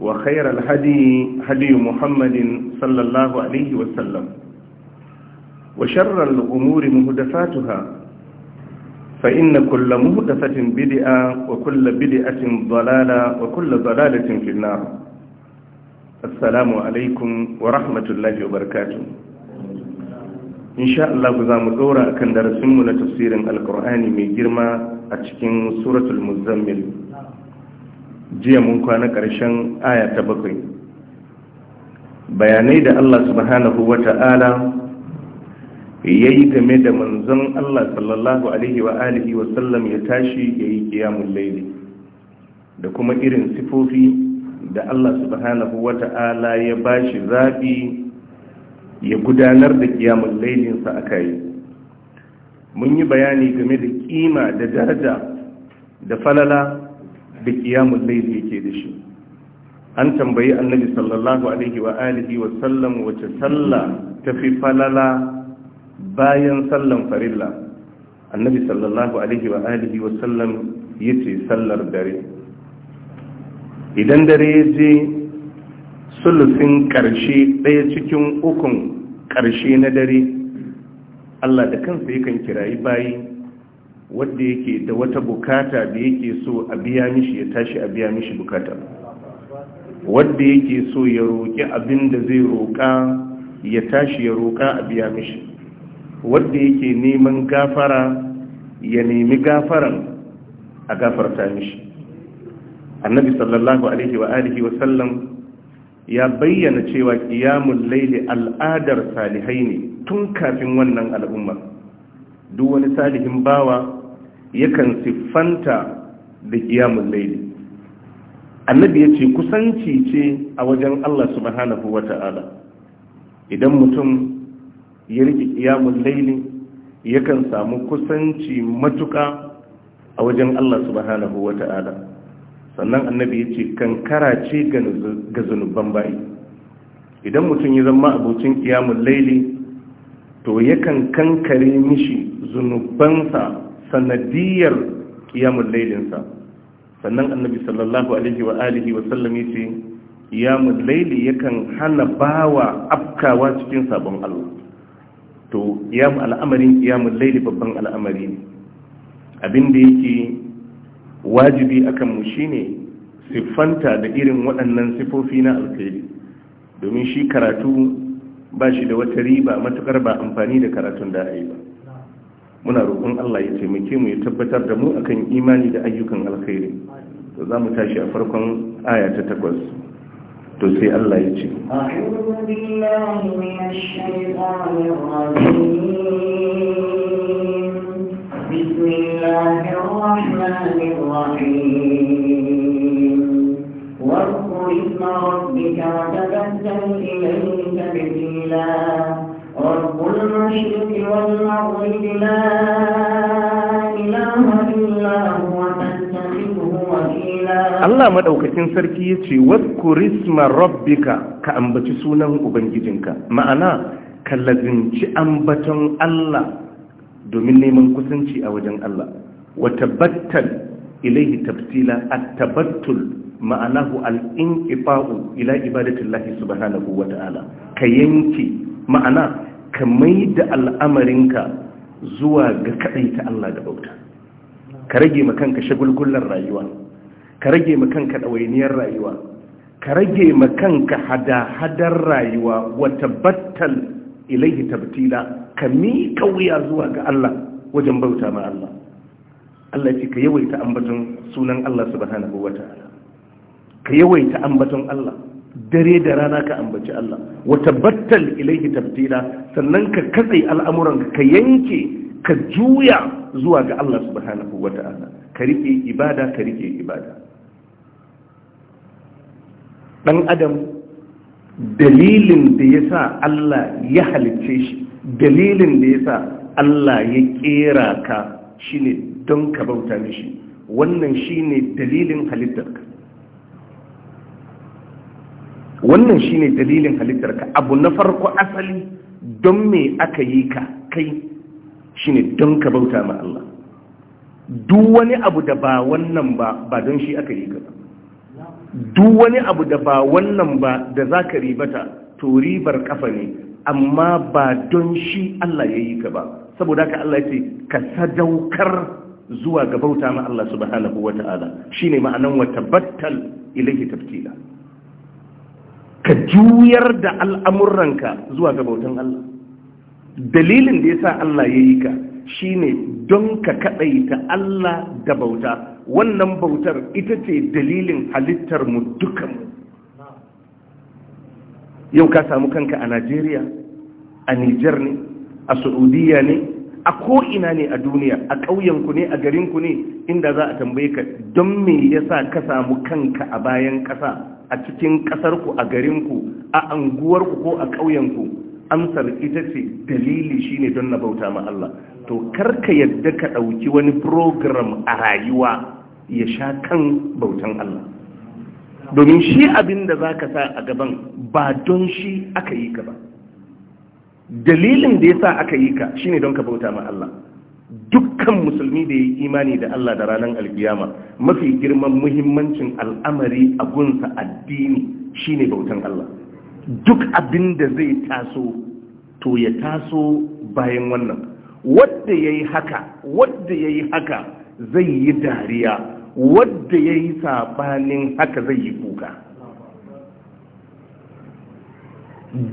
وخير الهدي هدي محمد صلى الله عليه وسلم وشر الأمور مهدفاتها فإن كل مهدفة بدئة وكل بدئة ضلالة وكل ضلالة في النار السلام عليكم ورحمة الله وبركاته إن شاء الله بزام الدورة كان درسمنا تفسير القرآن من جرمى أتشكين سورة المزمل jiya mun kwana ƙarshen aya ta bakwai bayanai da Allah subhanahu wa ta'ala ya yi game da manzon Allah sallallahu alaihi wa alihi wa sallam ya tashi ya yi kiyamun laili da kuma irin sifofi da Allah subhanahu wa ta'ala ya ba shi zaɓi ya gudanar da ƙiyamun lailinsa a kai mun yi bayani game da kima da daraja da falala da kiyamun laifi yake da shi an tambayi annabi sallallahu alaihi wa alihi wa sallam wace salla tafi falala bayan sallan farilla annabi sallallahu alaihi wa alihi wa sallam yace sallar dare idan dare ya je sulusin ƙarshe ɗaya cikin ukun ƙarshe na dare Allah da kansa yakan kirayi bayi wanda yake da wata bukata da yake so a biya mishi ya tashi a biya mishi bukata wanda yake so ya roƙi abin da zai roƙa ya tashi ya roƙa a biya mishi wanda yake neman gafara ya nemi gafaran a gafarta mishi annabi sallallahu alaihi wa alihi wa sallam ya bayyana cewa qiyamul layli al'adar salihai ne tun kafin wannan al'umma duk wani salihin bawa yakan siffanta da kiyamun laili annabi ya ce kusanci ce a wajen Allah subhanahu wa ta'ala idan mutum ya riƙe kiyamun laili yakan samu kusanci matuƙa a wajen Allah subhanahu wa ta'ala sannan annabi ya ce kankara ce ga zunuban bai idan mutum ya zama abocin kiyamun laili to yakan kankare mishi zunubansa sanadiyar kiyamun lailinsa sannan annabi sallallahu alaihi wa alihi wa sallam yace kiyamun laili yakan hana bawa afkawa cikin sabon Allah to kiyam al'amarin kiyamun laili babban al'amari ne abin da yake wajibi akan mu shine siffanta da irin waɗannan sifofi na alkhairi domin shi karatu ba shi da wata riba matukar ba amfani da karatun da a ba muna roƙon Allah ya taimake mu ya tabbatar da mu akan imani da ayyukan alkhairi to za mu tashi a farkon aya ta takwas to sai Allah ya ce بسم bismillahir rahmanir rahim واذكر اسم ربك وتبتل إليه تبتيلا رب المشرك والمغرب لا إله إلا هو Allah maɗaukakin sarki yace ce wasu rabbika ka ambaci sunan Ubangijinka ma'ana ka lazinci ambaton Allah domin neman kusanci a wajen Allah Wa tabbatar ilaihi tabtila a tabattul ma'anahu al-inqifa'u ila ibadatillahi subhanahu wa ta'ala ka yanke ma'ana ka maida al'amarinka zuwa ga ta Allah da bauta ka rage ma kanka shagulgullar rayuwa ka rage ma kanka rayuwa ka rage ma kanka hada-hadar rayuwa wata batal ilaihi tabtila ka miƙa wuya zuwa ga Allah wajen bauta ma Allah Allah ce ka yawaita ambaton sunan Allah subhanahu wa ta'ala ka yawaita ambaton Allah dare da rana ka ambaci Allah wa tabattal ilaihi tabtila sannan ka katse al'amuran ka yanke ka juya zuwa ga Allah subhanahu wata'ala ka rike ibada ka rike ibada dan adam dalilin da ya sa Allah ya halicce shi dalilin da ya sa Allah ya kera ka shine don ka bauta mishi wannan shine dalilin halittarka wannan shine dalilin halittar ka abu na farko asali don me aka yi ka kai shine don ka bauta ma Allah duk wani abu da ba wannan ba ba don shi aka yi ka duk wani abu da ba wannan ba da za ka ribata to ribar kafa ne amma ba don shi Allah ya yi ka ba saboda ka Allah ce ka sadaukar zuwa ga bauta ma Allah subhanahu wa ta'ala shine ma'anan wa tabattal ilayhi tabtila ka juyar da al'amuranka zuwa ga bautan Allah dalilin da ya sa Allah ya yi ka shi ne don ka kaɗaita Allah da bauta wannan bautar ita ce dalilin halittar mu dukanmu yau ka samu kanka a Najeriya a Nijar ne a Saudiya ne a ko'ina ne a duniya a ƙauyenku ne a garinku ne inda za a tambaye ka don me yasa ka samu kanka a bayan ƙasa a cikin ƙasarku a garinku a anguwarku ko a ƙauyenku amsar ita ce dalili shi ne don na bauta ma Allah to karka yadda ka ɗauki wani program a rayuwa ya sha kan bautan Allah domin shi abin da za ka sa a gaban ba don shi aka yi ka ba dalilin da ya sa aka yi ka shi ne don ka bauta ma Allah dukkan musulmi da ya yi imani da Allah da ranar alkiyama mafi girman muhimmancin al'amari a gunsa addini shine bautan Allah duk abin da zai taso to ya taso bayan wannan wadda ya yi haka wadda ya yi haka zai yi dariya wadda ya yi sabanin haka zai yi kuka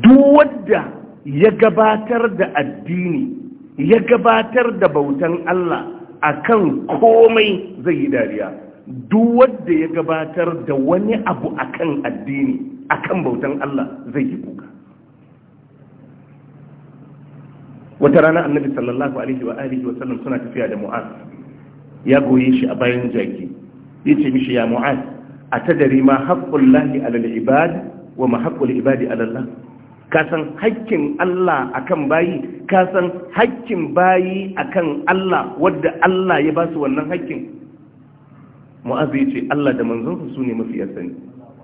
duk wadda ya gabatar da addini ya gabatar da bautan Allah akan komai zai yi dariya duk wanda ya gabatar da wani abu akan addini akan bautan Allah zai yi kuka wata rana annabi sallallahu alaihi wa alihi wa sallam suna tafiya da mu'az ya goye shi a bayan jaki yace mishi ya mu'az tadari ma haqqullahi alal ibad wa ma haqqul ibadi ala ka san hakkin Allah akan bayi ka san hakkin bayi akan Allah wadda Allah ya ba su wannan hakkin Mu'azi ce Allah da manzonsa su ne mafi sani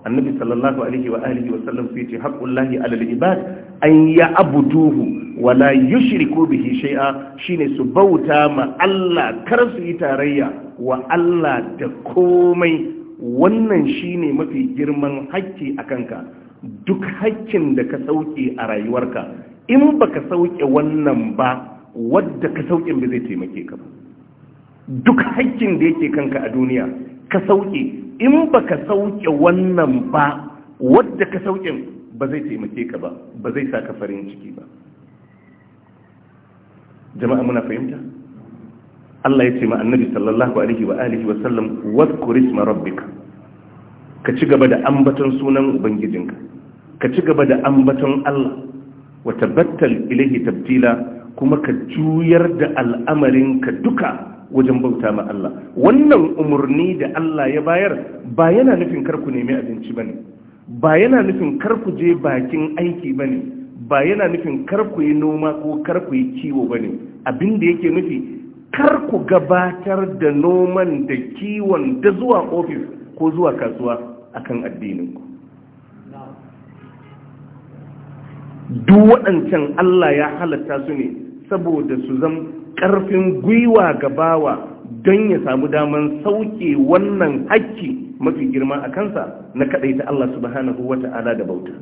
annabi sallallahu alaihi wa alihi wa sallam sai haqqullahi alal ibad an ya'buduhu wa la yushriku bihi shay'a shine su bauta ma Allah kar su yi tarayya wa Allah da komai wannan shine mafi girman hakki akan ka duk hakkin da ka sauke a rayuwarka in ba ka sauke wannan ba wadda ka sauke ba zai taimake ka ba duk hakkin da yake kanka a duniya ka sauke in ba ka sauke wannan ba wadda ka sauke ba zai taimake ka ba ba zai sa ka farin ciki ba jama'a muna fahimta Allah ya ce ma annabi sallallahu alaihi wa alihi wa sallam wadhkur isma rabbika ka ci gaba da ambaton sunan ubangijinka ka ci gaba da ambaton Allah wa tabattal ilahi tabtila kuma ka juyar da al'amarin ka duka wajen bauta ma Allah wannan umarni da Allah ya bayar ba yana nufin karku nemi abinci bane ba yana nufin karku je bakin aiki bane ba yana nufin karku yi noma ko karku yi kiwo bane abin da yake nufi kar ku gabatar da noman da kiwon da zuwa ofis ko zuwa kasuwa akan addininku duk waɗancan Allah ya halatta su ne saboda su zan ƙarfin gwiwa ga bawa don ya samu daman sauke wannan haƙƙi mafi girma a kansa na kaɗai ta Allah subhanahu wata ala da bauta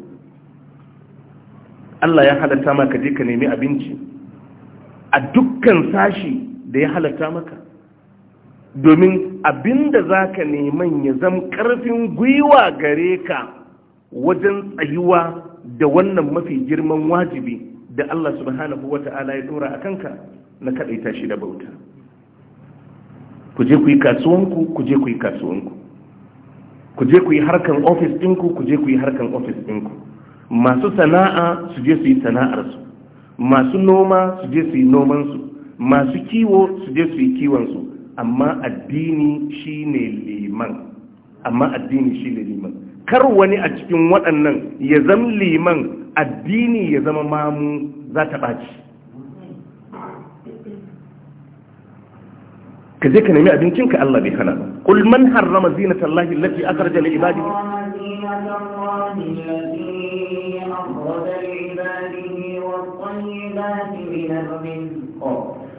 Allah ya halatta maka je ka nemi abinci a dukkan sashi da ya halatta maka domin abinda za ka neman ya zama ƙarfin gwiwa gare ka wajen tsayuwa da wannan mafi girman wajibi da Allah subhanahu wa ta'ala ya dora a kanka na kaɗaita shi da bauta ku je ku yi kasuwanku ku je ku yi kasuwanku ku je ku yi harkan ofis ɗinku ku je ku yi harkan ofis ɗinku masu sana'a su je su yi sana'arsu masu noma su je su yi nomansu masu kiwo su je su yi kiwonsu amma addini shine liman amma addini shine liman kar wani a cikin waɗannan ya zama liman addini ya zama mamu za ta ɓaci ka je ka nemi abincinka Allah bai hana kul man harrama zinata Allah allati akhraja li ibadihi أخرج لعباده والطيبات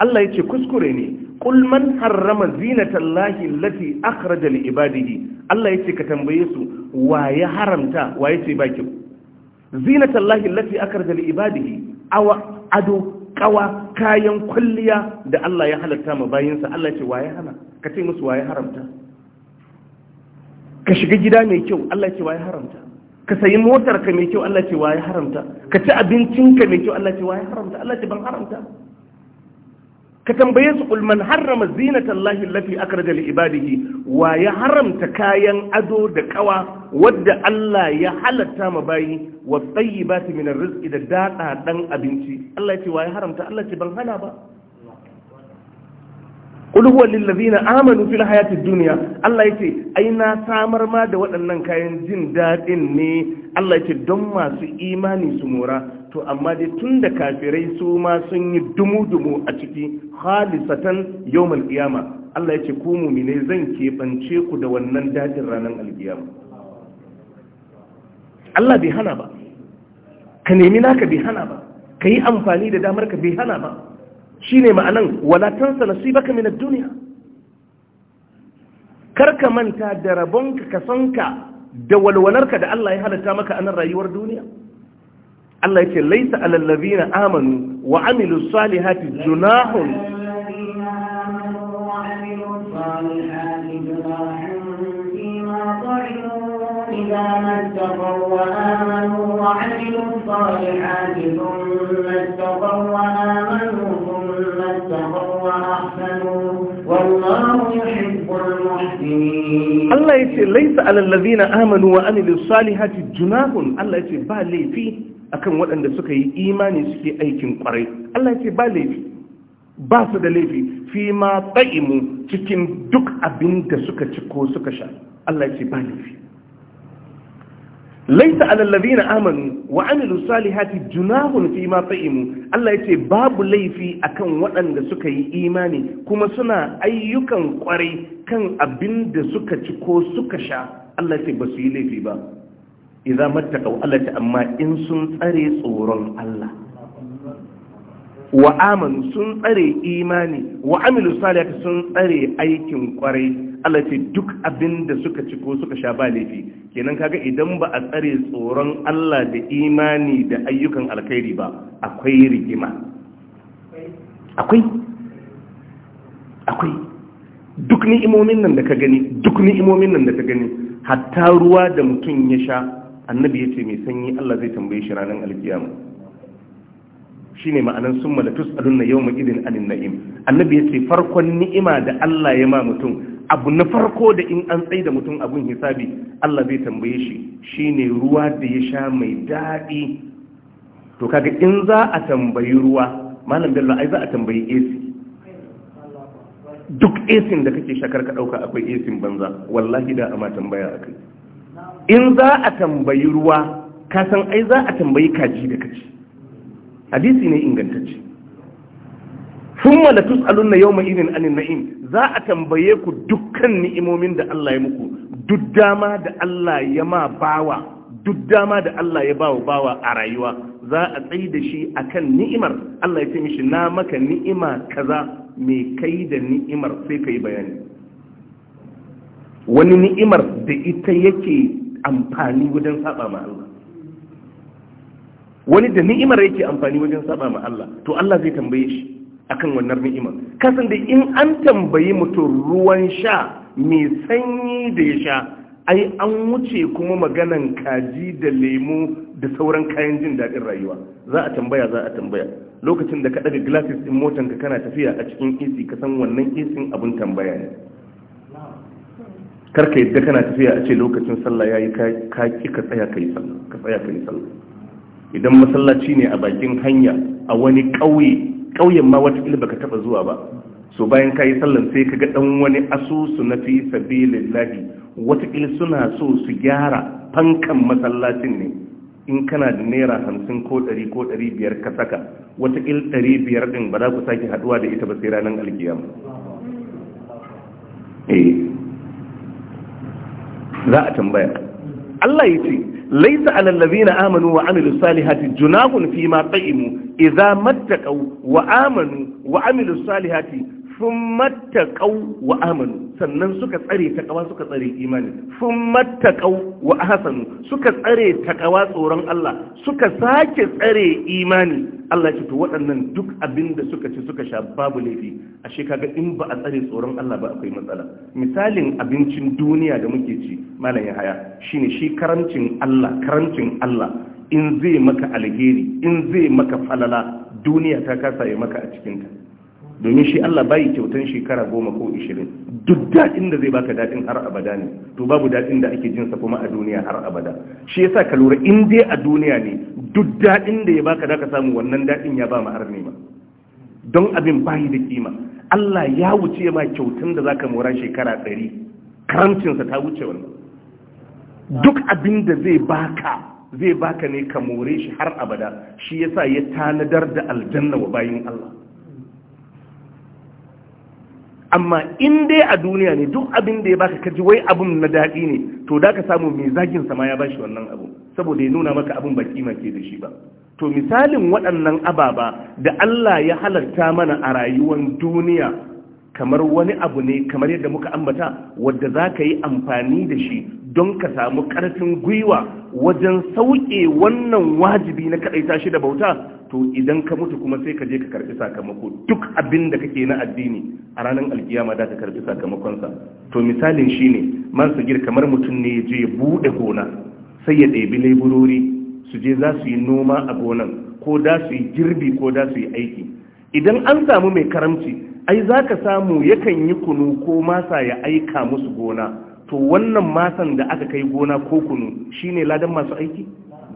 Allah ya ce kuskure ne qul man zinatan lahi allati akhraja li ibadihi Allah ya ce ka tambaye su wa ya haramta wa ya yace baki lahi allati akhraja li ibadihi awa ado kawa kayan kulliya da Allah ya halatta ma bayinsa Allah ya ce wa ya hana ka ce musu wa ya haramta ka shiga gida mai kyau Allah ya ce wa ya haramta ka sayi motar ka mai kyau Allah ya ce wa ya haramta ka ci abincinka mai kyau Allah ya ce wa ya haramta Allah ya ce ban haramta ka tambaye su ulman harrama zinatallahi allati akhraja li ibadihi wa ya haramta kayan ado da kawa wadda Allah ya halatta ma bayi wa tayyibati min rizki da dada abinci Allah ya ce wa ya haramta Allah ce ban hana ba kul huwa lil ladina amanu fil hayati dunya Allah yace ai na samar ma da waɗannan kayan jin dadin ne Allah yace don masu imani su mora to amma dai da kafirai su ma sun yi dumu-dumu a ciki khalisatan yawmal qiyama Allah yace ku mu'mine zan kebance ku da wannan dadin ranar alqiyama Allah bai hana ba ka nemi naka bai hana ba ka yi amfani da damar ka bai hana ba shine ma'anan wala tansa nasibaka min ad-dunya karka manta da rabonka kasanka da walwalarka da Allah ya halatta maka anan rayuwar duniya Allah yake laisa alal ladina amanu wa amilu salihati junahun إذا ما اتقوا وآمنوا وعملوا الصالحات ثم اتقوا وآمنوا Allah ya ce laisa يحب المحسنين الله يتي ليس على الذين آمنوا وعملوا الصالحات جناح الله akan waɗanda suka yi imani suke aikin kwarai Allah ce ba laifi ba su da laifi fi ma tsa'imu cikin duk abin da suka ci ko suka sha Allah ce ba laifi laisa alallazi na amanu wa amilu salihati junahun fi ma ta'imu Allah ya ce babu laifi akan waɗanda suka yi imani kuma suna ayyukan ƙwarai kan abin da suka ci ko suka sha Allah ya ce ba su yi laifi ba idza mattaqu Allah ta amma in sun tsare tsoron Allah wa amanu sun tsare imani wa amilu salihati sun tsare aikin kwarai Allah ce duk abin da suka ci ko suka sha ba laifi kenan kaga idan ba a tsare tsoron Allah da imani da ayyukan alkhairi ba akwai rigima akwai akwai duk imomin nan da ka gani duk imomin nan da ka gani hatta ruwa da mutum ya sha annabi ya ce mai sanyi Allah zai tambaye shi ranar alkiyama shine ma'anan sun mala tus'alunna yawma idin anin na'im annabi yace farkon ni'ima da Allah ya ma mutum abu na farko da in an tsaye da mutum abun hisabi Allah zai tambaye shi shine ruwa da ya sha mai daɗi to kaga in za a tambayi ruwa malam bello ai za a tambayi AC duk AC da kake shakar ka dauka akwai AC banza wallahi da amma tambaya akai in za a tambayi ruwa ka san ai za a tambayi kaji da kaci hadisi ne ingantacce thumma la na yau idin anin na'im za a tambaye ku dukkan ni'imomin da Allah ya muku duk dama da Allah ya ma bawa duk dama da Allah ya bawa bawa a rayuwa za a tsayi da shi a kan ni'imar Allah ya ce mishi na maka ni'ima kaza me kai da ni'imar sai kai bayani wani ni'imar da ita yake amfani wajen saba ma Allah wani da ni'imar yake amfani wajen saba ma Allah to Allah zai tambaye shi akan wannan ni'imar kasan da in an tambayi mutum ruwan sha mai sanyi da ya sha ai an wuce kuma maganan kaji da lemu da sauran kayan jin daɗin rayuwa za a tambaya za a tambaya lokacin da ka ɗaga glasses din motan ka kana tafiya a cikin AC ka san wannan AC abin tambaya ne karka yadda kana tafiya a ce lokacin sallah yayi ka ka tsaya ka tsaya sallah idan masallaci ne a bakin hanya a wani ƙauye ƙauyen ma wata ilba ka taba zuwa ba so bayan ka yi sallan sai ka ga ɗan wani asusu na fi sabilillahi watakila suna so su gyara fankan masallacin ne in kana da naira hamsin ko ɗari ko ɗari biyar ka saka watakila ɗari biyar ɗin ba za ku sake haɗuwa da ita ba sai ranar alkiyama eh, za a tambaya Allah ya ce laisa alal ladina amanu wa amilu salihati juna fi ma imu, idza mattaqu wa amanu wa amilu salihati sun mattaƙau wa amanu sannan suka tsare takawa suka tsare imani sun mattaƙau wa hasanu suka tsare takawa tsoron Allah suka sake tsare imani Allah ce to waɗannan duk abinda suka ci suka sha babu laifi A kaga in ba a tsare tsoron Allah ba akwai matsala misalin abincin duniya da muke ci malam ya haya shine shi karancin Allah karancin Allah in zai maka alheri in zai maka falala duniya ta kasaye maka a cikinta domin shi Allah bai kyautan shekara goma ko ishirin duk daɗin da zai baka daɗin har abada ne to babu daɗin da ake jinsa kuma a duniya har abada shi yasa ka lura in dai a duniya ne duk daɗin da ya baka da samu wannan daɗin ya ba mu har nema don abin bayi da kima Allah ya wuce ma kyautan da zaka mora shekara ɗari karamcinsa ta wuce wannan duk abin da zai baka zai baka ne ka more shi har abada shi yasa ya tanadar da aljanna wa bayin Allah amma in dai a duniya ne duk abin da ya baka kaji wai abun na daɗi ne to da ka samu mai zagin sama ya bashi wannan abu saboda ya nuna maka abin baki ke da shi ba to misalin waɗannan ababa da Allah ya halarta mana a rayuwar duniya kamar wani abu ne kamar yadda muka ambata wadda za ka yi amfani da shi don ka samu ƙarfin gwiwa wajen sauƙe wannan wajibi na kaɗaita shi da bauta to idan ka mutu kuma sai ka je ka karɓi sakamako duk abin da kake na addini a ranar alkiyama da ka karbi sakamakonsa to misalin shine man sagir kamar mutum ne ya je ya bude gona sai ya ɗebi laiburori su je za su yi noma a gonan ko da su yi girbi ko da su yi aiki idan an samu mai karamci ai za ka samu yakan yi kunu ko masa ya aika musu gona to wannan masan da aka kai gona ko kunu shine ladan masu aiki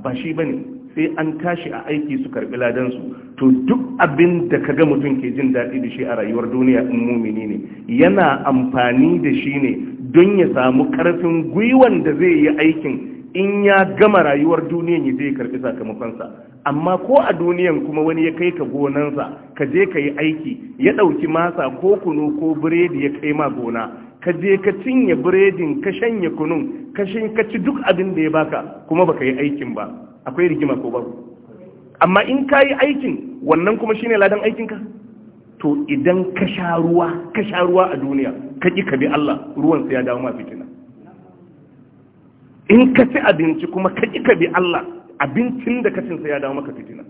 ba shi bane sai an tashi a aiki su karbi su, to duk abin da ga mutum ke jin daɗi da shi a rayuwar duniya in mumini ne yana amfani da shi ne don ya samu karfin gwiwan da zai yi aikin in ya gama rayuwar duniyan ya je karbi sakamakonsa amma ko a duniyan kuma wani ya kai ka gonansa ka je ka yi aiki ya ɗauki masa ko kunu ko biredi ya kai ma gona ka je ka cinye biredin ka shanye kunun ka ci duk abin da ya baka kuma baka yi aikin ba akwai rigima ko babu amma in ka yi aikin wannan kuma shine ladan aikinka to idan ka sha ruwa ka sha ruwa a duniya ka ƙi ka bi Allah ruwan sai ya dawo ma fitina in ka ci abinci kuma ka ƙi ka bi Allah abincin da ka cin sai ya dawo maka fitina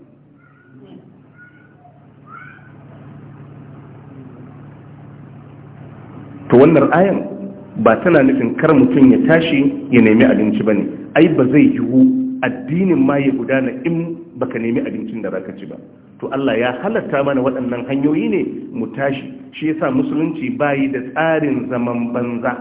to wannan ayan ba tana nufin kar mutum ya tashi ya nemi abinci bane ai ba zai yiwu addinin ma ya gudana in baka nemi abincin da zaka ci ba to Allah ya halatta mana waɗannan hanyoyi ne mu tashi shi yasa musulunci bayi da tsarin zaman banza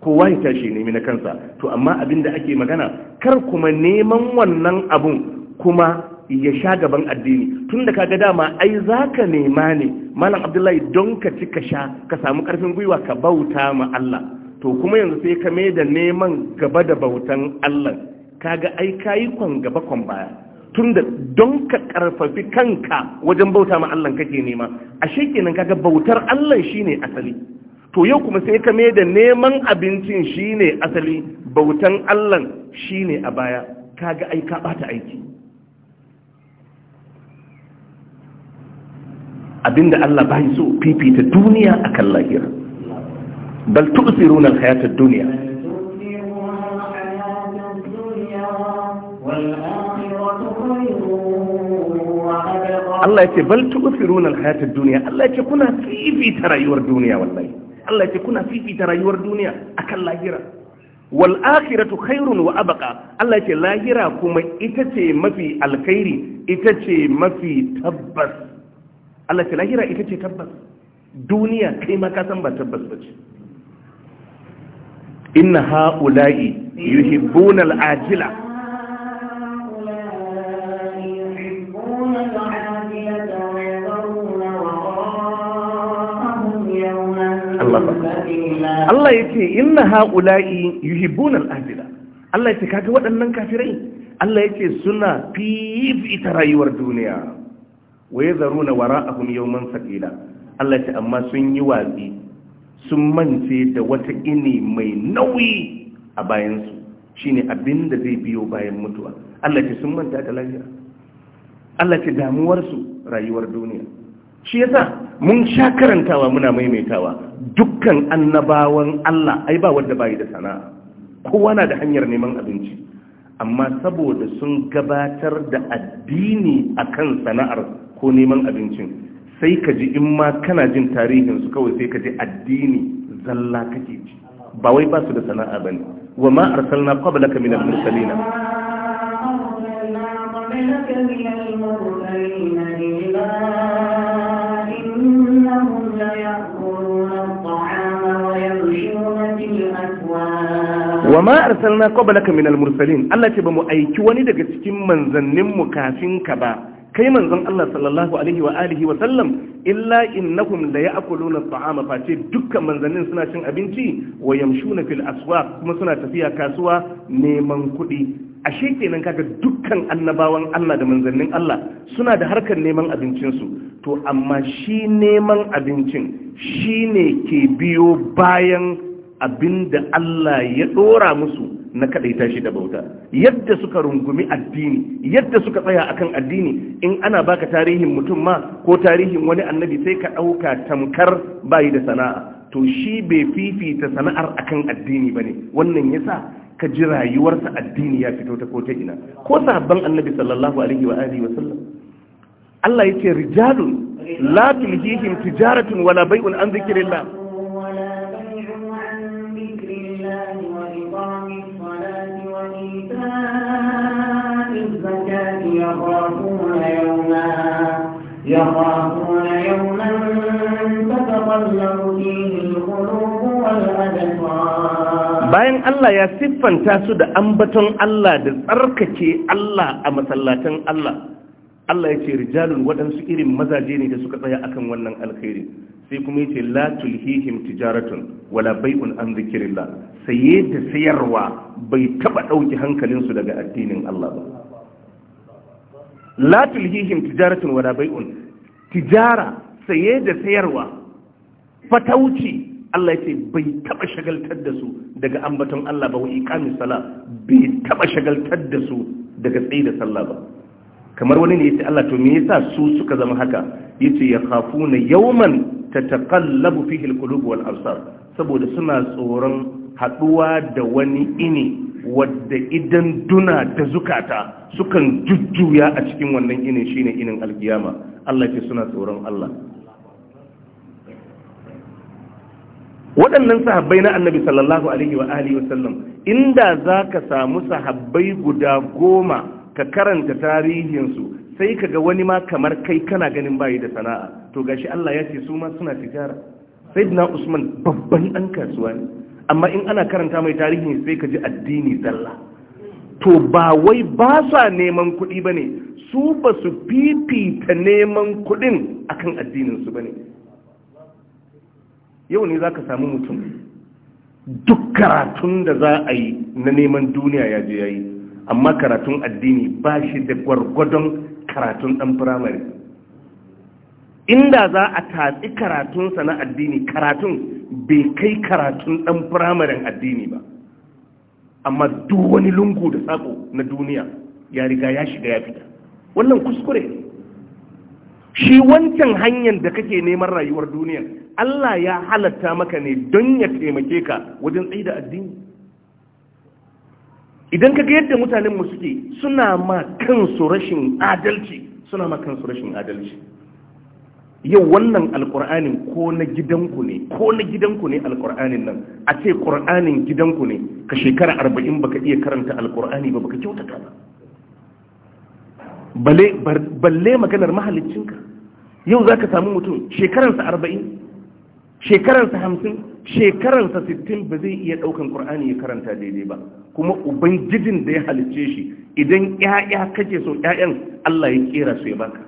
kowa ya tashi nemi na kansa to amma abin da ake magana kar kuma neman wannan abun kuma ya sha gaban addini tun da kaga dama ai zaka nema ne malam abdullahi don ka ci ka sha ka samu karfin gwiwa ka bauta ma Allah to kuma yanzu sai ka mai da neman gaba da bautan Allah kaga ai kayi kwan gaba kwan baya tunda don ka karfafi kanka wajen bauta ma Allah kake nema ashe kenan kaga bautar Allah shine asali to yau kuma sai ka da neman abincin shine asali bautan Allah shine a baya kaga ai ka bata aiki abinda Allah bai so fifita duniya akan lahira bal tu'siruna al-hayata ad-dunya Allah ya ce bal tughfiruna al-hayata ad-dunya Allah ya ce kuna fifita rayuwar duniya wallahi Allah ya ce kuna fifita rayuwar duniya akan lahira wal akhiratu khairun wa abqa Allah ya ce lahira kuma ita ce mafi alkhairi ita ce mafi tabbas Allah ya ce lahira ita ce tabbas duniya kai ma ka san ba tabbas ba ce. inna ha'ula'i yuhibbuna al-ajila Allah ya ce inna yi yuhibbunan ajila Allah ya ce kaga waɗannan kafirai Allah ya ce suna fifita rayuwar duniya wa ya zaru na wara ahun yawman sakila Allah ya ce amma sun yi watsi sun mance da wata ini mai nauyi a bayansu shine abin da zai biyo bayan mutuwa Allah ya ce sun manta da lafiya Allah ya ce damuwarsu rayuwar duniya shi yasa mun sha karantawa muna maimaitawa dukkan annabawan Allah ai ba wanda bai da sana'a kowa na da hanyar neman abinci amma saboda sun gabatar da addini akan sana'ar ko neman abincin sai ka ji in ma kana jin tarihin su kawai sai ka ji addini zalla kake ji ba wai ba su da sana'a bane ne wa ma arsalna qablaka min al mursalin يأكلون الطعام ويمشون في الأسواق Allah ce ba mu aiki wani daga cikin وندك سكين من ذنم كافين kai manzon Allah sallallahu wa alihi wa sallam illa innahum la ya'kuluna at'ama fa ce dukkan manzannin suna cin abinci wa yamshuna fil aswaq kuma suna tafiya kasuwa neman kuɗi ashe kenan kaga dukkan annabawan Allah da manzannin Allah suna da harkar neman abincinsu to amma shi neman abincin shi ne ke biyo bayan abin da Allah ya ɗora musu na kaɗaita shi da bauta yadda suka rungumi addini yadda suka tsaya akan addini in ana baka tarihin mutum ma ko tarihin wani annabi sai ka ɗauka tamkar bayi da sana'a to shi bai fifita sana'ar akan addini bane wannan yasa ka ji rayuwarsa addini ya fito ta kota ina ko sahabban annabi sallallahu alaihi wa alihi wa sallam Allah yake rijalun la tulhihim tijaratun wala bai'un an dhikrillah يخافون يوما تتقلب فيه القلوب والأبصار bayan Allah ya siffanta su da ambaton Allah da tsarkake Allah a masallatan Allah Allah ya ce rijalun waɗansu irin mazaje ne da suka tsaya akan wannan alkhairi sai kuma yace la tulhihim tijaratun wala bai'un an zikrillah saye da sayarwa bai taba dauki hankalin su daga addinin Allah ba la tulhihim tijaratun wala bai'un tijara saye da sayarwa fatauci Allah ya ce bai taba shagaltar da su daga ambaton Allah ba wai iqamis sala bai taba shagaltar da su daga tsayi da sallah ba kamar wani ne yace Allah to me yasa su suka zama haka yace ya khafuna yawman tataqallabu fihi alqulub wal absar saboda suna tsoron haduwa da wani ini wadda idan duna da zukata sukan jujjuya a cikin wannan inin shine inin alkiyama Allah ce suna tsoron Allah waɗannan sahabbai na annabi sallallahu alaihi wa alihi wa sallam inda za ka samu sahabbai guda goma ka karanta tarihinsu sai ka ga wani ma kamar kai kana ganin bayi da sana'a to gashi Allah ya ce su ma suna tijara sayyidina Usman babban ɗan kasuwa ne amma in ana karanta mai tarihin sai ka ji addini zalla to ba wai ba sa neman kuɗi bane su ba su fifita neman kuɗin akan addininsu su bane yau ne za ka samu mutum duk karatun da za a yi na neman duniya ya je ya yi amma karatun addini ba shi da gwargwadon karatun ɗan firamare inda za a tatsi karatunsa na addini karatun bai kai karatun ɗan firamaren addini ba amma duk wani lungu da sako na duniya ya riga ya shiga ya fita wannan kuskure shi wancan hanyar da kake neman rayuwar duniya Allah ya halatta maka ne don ya taimake ka wajen tsida da addini idan ka ga yadda mutanen mu suke suna ma kansu rashin adalci suna ma kansu rashin adalci yau wannan alkur'anin ko na gidanku ne ko na gidanku ne alkur'anin nan a ce kur'anin gidanku ne ka shekara arba'in baka iya karanta alkur'ani ba baka kyautata ba balle maganar mahalicinka yau za ka samu mutum shekaransa arba'in shekararsa hamsin shekararsa sittin ba zai iya ɗaukan ƙur'ani ya karanta daidai ba kuma ubangijin da ya halicce shi idan 'ya'ya kake so ƴaƴan Allah ya kera su ya baka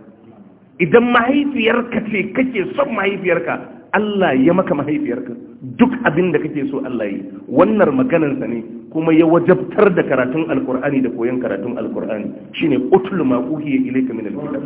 idan mahaifiyarka ce kake son mahaifiyarka Allah ya maka mahaifiyarka duk abin da kake so Allah yi wannan maganarsa ne kuma ya wajabtar da karatun alkur'ani da koyon karatun alkur'ani shine utul ma uhiya ilayka min alkitab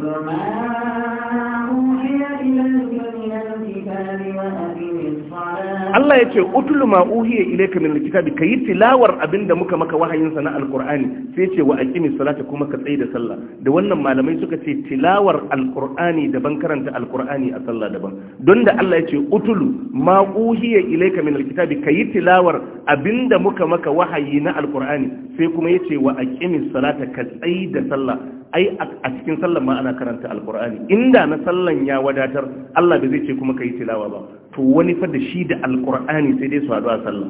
Allah ya ce utulu ma uhiya ilayka min alkitabi kayi tilawar abinda muka maka wahayin sa na alqur'ani sai ce wa aqimis salata kuma ka tsaye da sallah da wannan malamai suka ce tilawar alqur'ani daban karanta alqur'ani a sallah daban don da Allah ya ce utulu ma uhiya ilayka min alkitabi kayi tilawar abinda muka maka wahayi na alqur'ani sai kuma yace wa aqimis salata ka tsaye da sallah ai a cikin sallan ma ana karanta alkur'ani inda na sallan ya wadatar Allah bai zai ce kuma kai tilawa ba to wani fa da shi da alkur'ani sai dai su hadu a sallah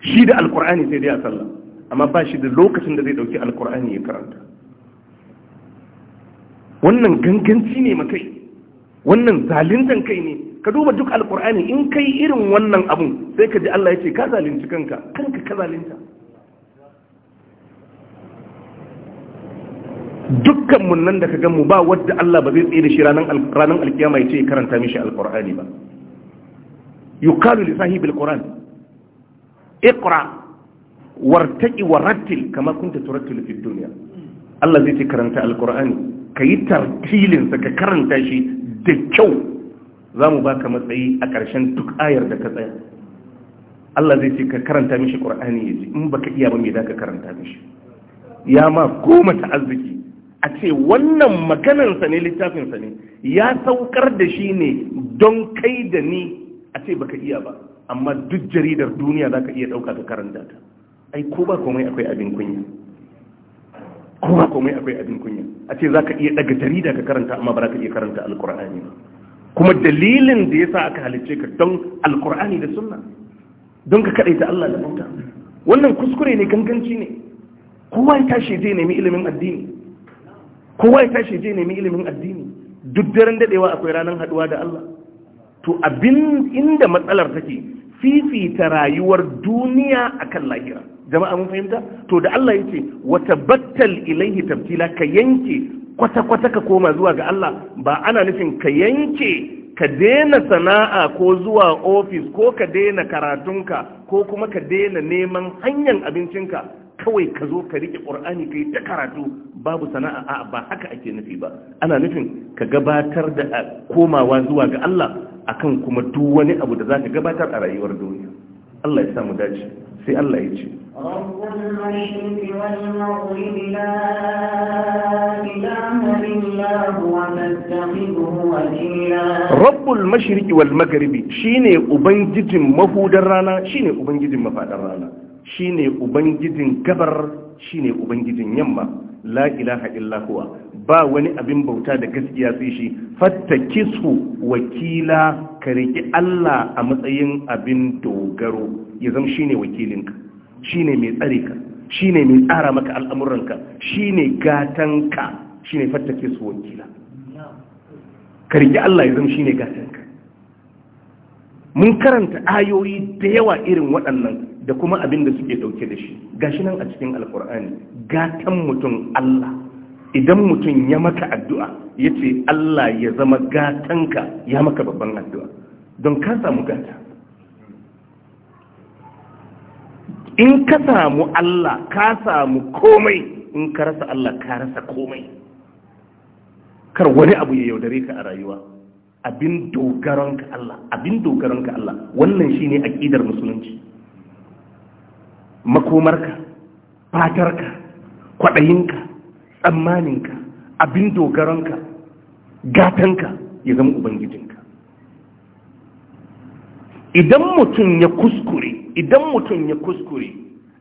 shi da alkur'ani sai dai a sallah amma ba shi da lokacin da zai dauki alkur'ani ya karanta wannan ganganci ne kai? wannan zaluntan kai ne ka duba duk alkur'ani in kai irin wannan abun sai ka ji Allah ya ce ka zalunci kanka kanka ka zalunta dukkan mun nan da ka gan mu ba wadda Allah ba zai tsaye da shi ranan alkiyama ya ce ya karanta mishi alkur'ani ba yukalu li sahibil qur'an iqra wartaqi warattil kama kunta turattilu fid dunya Allah zai ce karanta alkur'ani kayi tartilin sa ka karanta shi da kyau zamu baka matsayi a ƙarshen duk ayar da ka tsaya Allah zai ce ka karanta mishi qur'ani yaji in baka iya ba me da ka karanta mishi ya ma komata ta arziki a ce wannan maganansa ne littafinsa ne ya saukar da shi ne don kai da ni a ce baka iya ba amma duk jaridar duniya za ka iya ɗauka ka karanta ta ai ko ba komai akwai abin kunya ko ba komai akwai abin kunya a ce za ka iya ɗaga jarida ka karanta amma ba za ka iya karanta alkur'ani ba kuma dalilin da ya sa aka halicce ka don alkur'ani da sunna don ka kaɗaita Allah da bauta wannan kuskure ne ganganci ne kowa ya tashi zai nemi ilimin addini kowa ya tashi je nemi ilimin addini duk daren dadewa akwai ranar haduwa da Allah to abin inda matsalar take fifita rayuwar duniya akan lahira jama'a mun fahimta to da Allah yake wata battal ilaihi tabtila ka yanke kwata kwata ka koma zuwa ga Allah ba ana nufin ka yanke ka daina sana'a ko zuwa ofis ko ka daina karatunka ko kuma ka daina neman hanyar abincinka kawai ka zo ka riƙe ƙur'ani ka ta karatu babu sana'a a ba haka ake nufi ba ana nufin ka gabatar da komawa zuwa ga Allah akan kuma duk wani abu da za ka gabatar a rayuwar duniya Allah ya samu dace sai Allah ya ce rabbul mashriqi wal maghribi shine ubangijin mahudar rana shine ubangijin mafadar rana Shi ne ubangijin gabar Shi ne ubangijin yamma la ilaha illa ba wani abin bauta da gaskiya sai shi fattakisu wakila ka riki Allah a matsayin abin dogaro ya zama ne wakilinka Shi ne mai tsare ka Shi ne mai tsara maka al'amuranka Shi Shi gatanka shine fattakisu wakila ka riki Allah ya zama gatan gatanka mun karanta ayoyi da yawa irin waɗannan da kuma abin da suke dauke da shi gashi nan a cikin alkur'ani gatan mutum Allah idan mutum ya maka addu'a ya ce Allah ya zama gatanka ya maka babban addu'a don ka samu gata in ka samu Allah ka samu komai in ka rasa Allah ka rasa komai kar wani abu ya yaudare ka a rayuwa abin ka Allah abin ka Allah wannan shine aqidar musulunci makomarka fatarka kwaɗayinka tsammaninka abin dogaranka, gatanka ya zama ubangijinka idan mutum ya kuskure idan mutum ya kuskure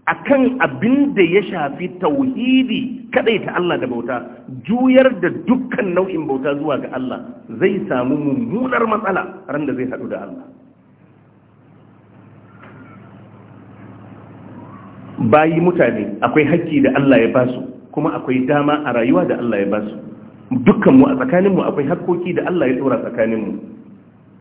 akan abin da ya shafi tauhidi kadai ta Allah da bauta juyar da dukkan nau'in bauta zuwa ga Allah zai samu mummunar matsala ran da zai haɗu da Allah bayi mutane akwai haƙƙi da Allah ya ba su kuma akwai dama a rayuwa da Allah ya ba su dukkan mu a tsakanin mu akwai haƙƙoƙi da Allah ya tsora tsakanin mu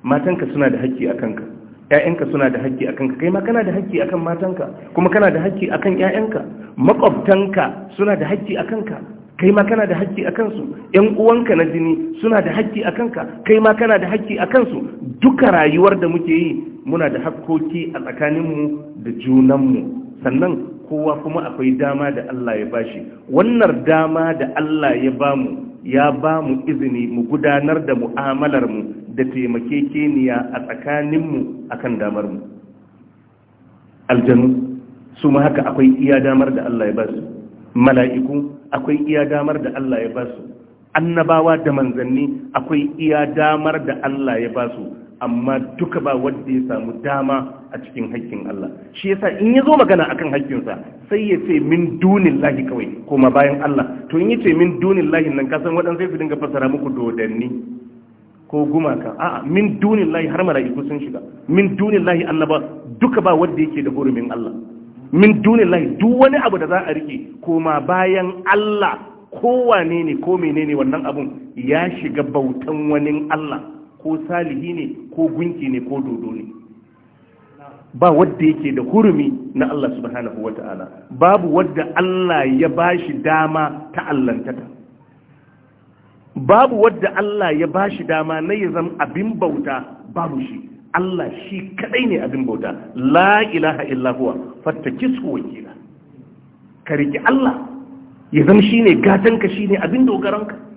matanka suna da haƙƙi a kanka ƴaƴanka suna da haƙƙi a kanka kai ma kana da haƙƙi akan matanka kuma kana da haƙƙi akan ƴaƴanka maƙwabtanka suna da haƙƙi a kanka kai ma kana da haƙƙi a kansu ƴan uwanka na jini suna da haƙƙi a kanka kai ma kana da haƙƙi a kansu duka rayuwar da muke yi muna da haƙƙoƙi a mu da mu sannan kowa kuma akwai dama da Allah ya bashi wannan dama da Allah ya bamu ya bamu izini mu gudanar da mu'amalar mu da taimakekeniya a tsakaninmu akan damar mu aljanu su ma haka akwai iya damar da Allah ya basu mala'iku akwai iya damar da Allah ya basu annabawa da manzanni akwai iya damar da Allah ya basu amma duka ba wanda ya samu dama a cikin haƙƙin Allah shi yasa in ya zo magana akan haƙƙinsa sai ya ce min dunin lahi kawai kuma bayan Allah to in ya ce min dunin lahi nan kasan waɗansu sai su dinga fasara muku dodanni ko gumaka a'a min dunin lahi har mala'iku sun shiga min dunin lahi annaba duka ba wanda yake da hurumin Allah min dunin lahi duk wani abu da za a rike kuma bayan Allah kowane ne ko menene wannan abun ya shiga bautan wani Allah ko salihi ne ko gunki ne ko dodo ne ba wadda yake da hurumi na Allah subhanahu wa ta'ala babu wadda Allah ya bashi dama ta allantaka babu wadda Allah ya bashi dama na ya zama abin bauta babu shi Allah shi kadai ne abin bauta la ilaha illa huwa fattakisu wakila ka riki Allah ya zama shine gatanka shine abin dogaranka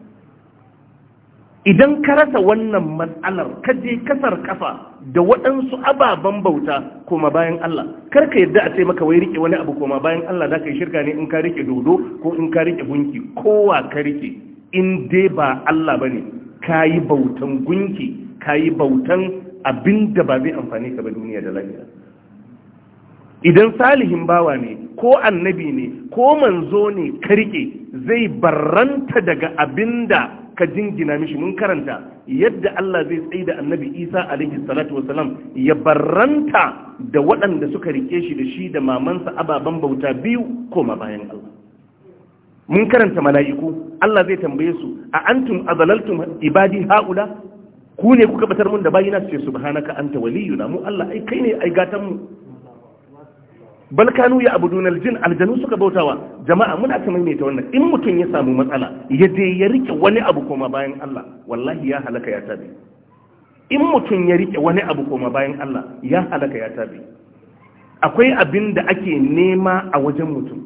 idan ka rasa wannan matsalar ka je kasar kafa da waɗansu ababen bauta koma bayan Allah kar ka yadda a ce maka wai rike wani abu koma bayan Allah za ka yi shirka ne in ka rike dodo ko in ka rike gunki kowa ka rike in dai ba Allah bane ka yi bautan gunki ka yi bautan abin da ba zai amfani ka ba duniya da lafiya idan salihin bawa ne ko annabi ne ko manzo ne ka rike zai barranta daga abin da ka jingina mishi mun karanta yadda Allah zai tsaye da annabi Isa alaihi salatu wasalam ya barranta da waɗanda suka rike shi da shi da mamansa ababen bauta biyu koma bayan Allah mun karanta mala'iku Allah zai tambaye su a antum azalaltum ibadi haula ku ne kuka batar mun da bayina su subhanaka anta waliyuna mu Allah ai kai ne ai gatan mu Balkanu ya abu dunar jin aljanu suka bautawa jama'a muna ta maimaita wannan in mutum ya samu matsala ya je ya rike wani abu koma bayan Allah wallahi ya halaka ya tabi in mutum ya rike wani abu koma bayan Allah ya halaka ya tabi akwai abin da ake nema a wajen mutum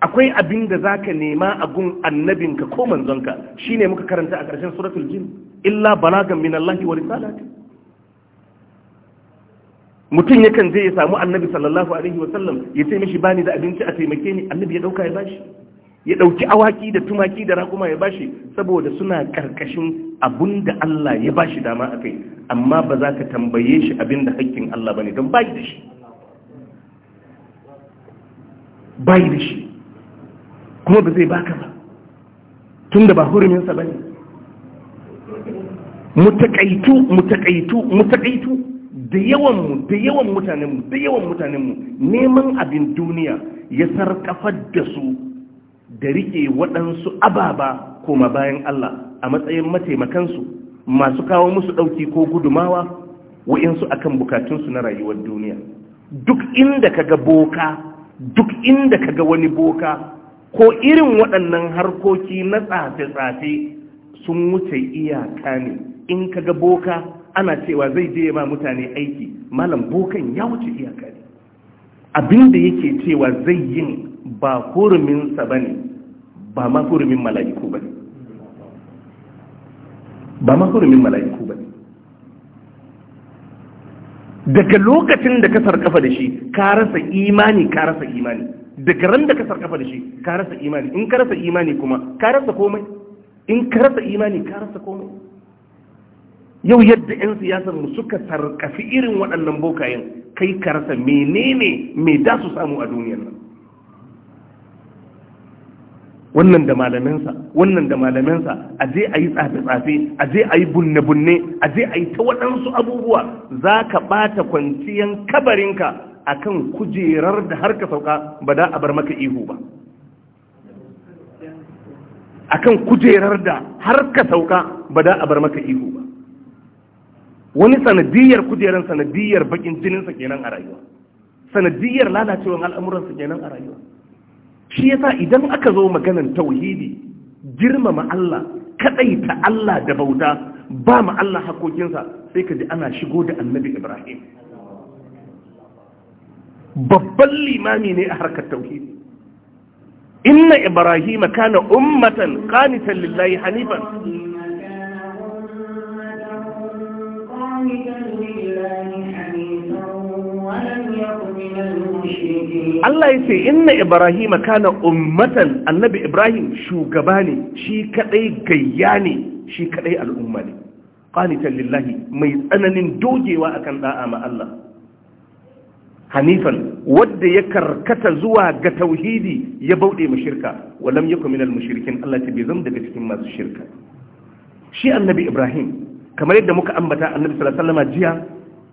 akwai abin da zaka nema a gun annabinka ko manzonka shine muka karanta a ƙarshen suratul jin illa balagan min Allah wa risalati mutum yakan je ya samu annabi sallallahu alaihi wasallam ya ce mishi bani da abinci a taimake ni annabi ya dauka ya bashi ya dauki awaki da tumaki da raƙuma ya bashi saboda suna karkashin abun da Allah ya bashi dama a kai amma ba za ka tambaye shi abin hakkin haƙƙin Allah bane don bai da shi bai da shi kuma ba zai baka ba tunda ba huruminsa bane mutakaitu mutakaitu mutakaitu da yawanmu da yawan mutanenmu da yawan mutanenmu neman abin duniya ya sarkafar da su da rike waɗansu ababa koma bayan Allah a matsayin mataimakansu masu kawo musu ɗauki ko gudumawa wa'insu akan bukatunsu na rayuwar duniya duk inda kaga boka duk inda kaga wani boka ko irin waɗannan harkoki na tsafe-tsafe sun wuce iyaka ne in kaga boka ana cewa zai je ma mutane aiki malam bokan ya wuce iyaka ne abinda yake cewa zai yin ba huruminsa ba ne ba ma hurumin mala'iku ba ne ba ma hurumin mala'iku ba ne daga lokacin da ka sarkafa da shi ka rasa imani ka rasa imani daga ran da ka sarkafa da shi ka rasa imani in ka rasa imani kuma ka rasa komai in ka rasa imani ka rasa komai yau yadda 'yan siyasar mu suka sarkafi irin waɗannan bokayen kai ka menene mai da su samu a duniyar nan wannan da malaminsa wannan da malaminsa a je a yi tsafe-tsafe a je a yi bunne-bunne a je a yi ta waɗansu abubuwa za ka ɓata kwanciyan kabarinka a kan kujerar da har ka sauka ba da a bar maka ihu ba a kan kujerar da harka ka sauka ba da a bar maka ihu ba wani sanadiyar kujeran sanadiyar bakin jininsa kenan a rayuwa sanadiyar lalacewar al'amuransa kenan a rayuwa shi yasa idan aka zo maganan tauhidi girmama Allah ta Allah da bauta ba ma Allah hakokinsa sai ka ji ana shigo da annabi Ibrahim babban limami ne a harkar tauhidi inna Ibrahim kana ummatan qanitan lillahi hanifan Allah ya ce inna Ibrahim kana ummatan annabi Ibrahim shugaba ne shi kadai gayya ne shi kadai al'umma ne qanitan lillahi mai tsananin dogewa akan da'a ma Allah hanifan wanda ya karkata zuwa ga tauhidi ya bauɗe mu shirka walam yakun minal mushrikin Allah ta bai zama daga cikin masu shirka shi annabi Ibrahim kamar yadda muka ambata annabi sallallahu alaihi wasallam jiya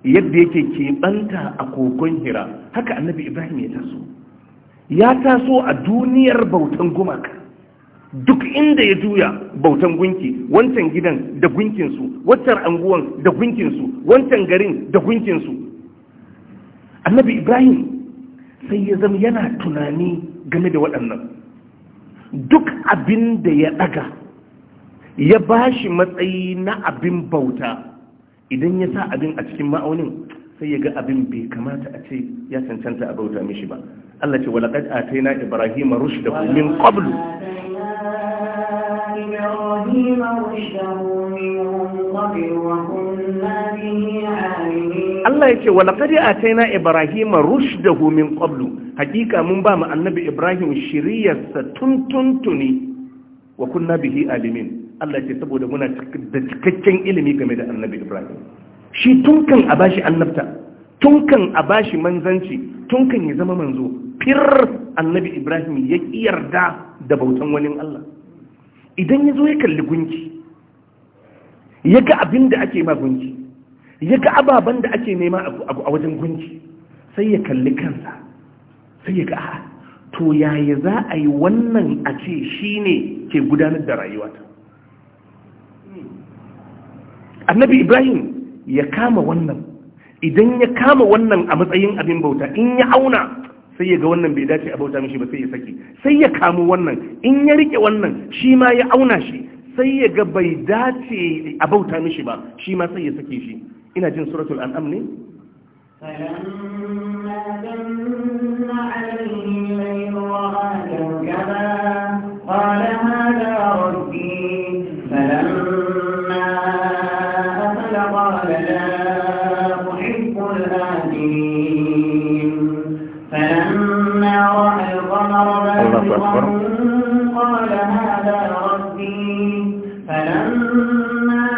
yadda yake keɓanta a kogon hira haka annabi ibrahim ya taso ya taso a duniyar bautan gumaka duk inda ya juya bautan gunki wancan gidan da gunkinsu wancan anguwan da gunkinsu wancan garin da gunkinsu annabi ibrahim sai ya zama yana tunani game da waɗannan duk abin da ya ɗaga ya ba shi matsayi na abin bauta idan ya sa abin a cikin ma'aunin sai ya ga abin bai kamata a ce ya cancanta a bauta mishi ba Allah ce walaƙad a ta yana ibrahim da min qablu Allah ya ce walaƙad a ta yana ibrahim da min hakika mun ba mu annabi ibrahim shiriyarsa tun tuntuni wa kunna bihi alimin Allah ce saboda muna da cikakken ilimi game da annabi Ibrahim shi tun kan a bashi annabta tun kan a bashi manzanci tun kan ya zama manzo fir annabi Ibrahim ya yarda da bautan wani Allah idan ya zo ya kalli gunki ya ga abin da ake ma gunki ya ga ababen da ake nema a wajen gunki sai ya kalli kansa sai ya ga to yaya za a yi wannan a ce shi ne ke gudanar da rayuwata annabi ibrahim ya kama wannan idan ya kama wannan a matsayin abin bauta in ya auna sai ya ga wannan bai dace a bauta mishi ba sai ya saki sai ya kamo wannan in ya rike wannan shi ma ya auna shi sai ya ga bai dace a bauta mishi ba shi ma sai ya saki shi ina jin suratul an'am ne قال هذا رأى القمر بازغا قال هذا ربي فلما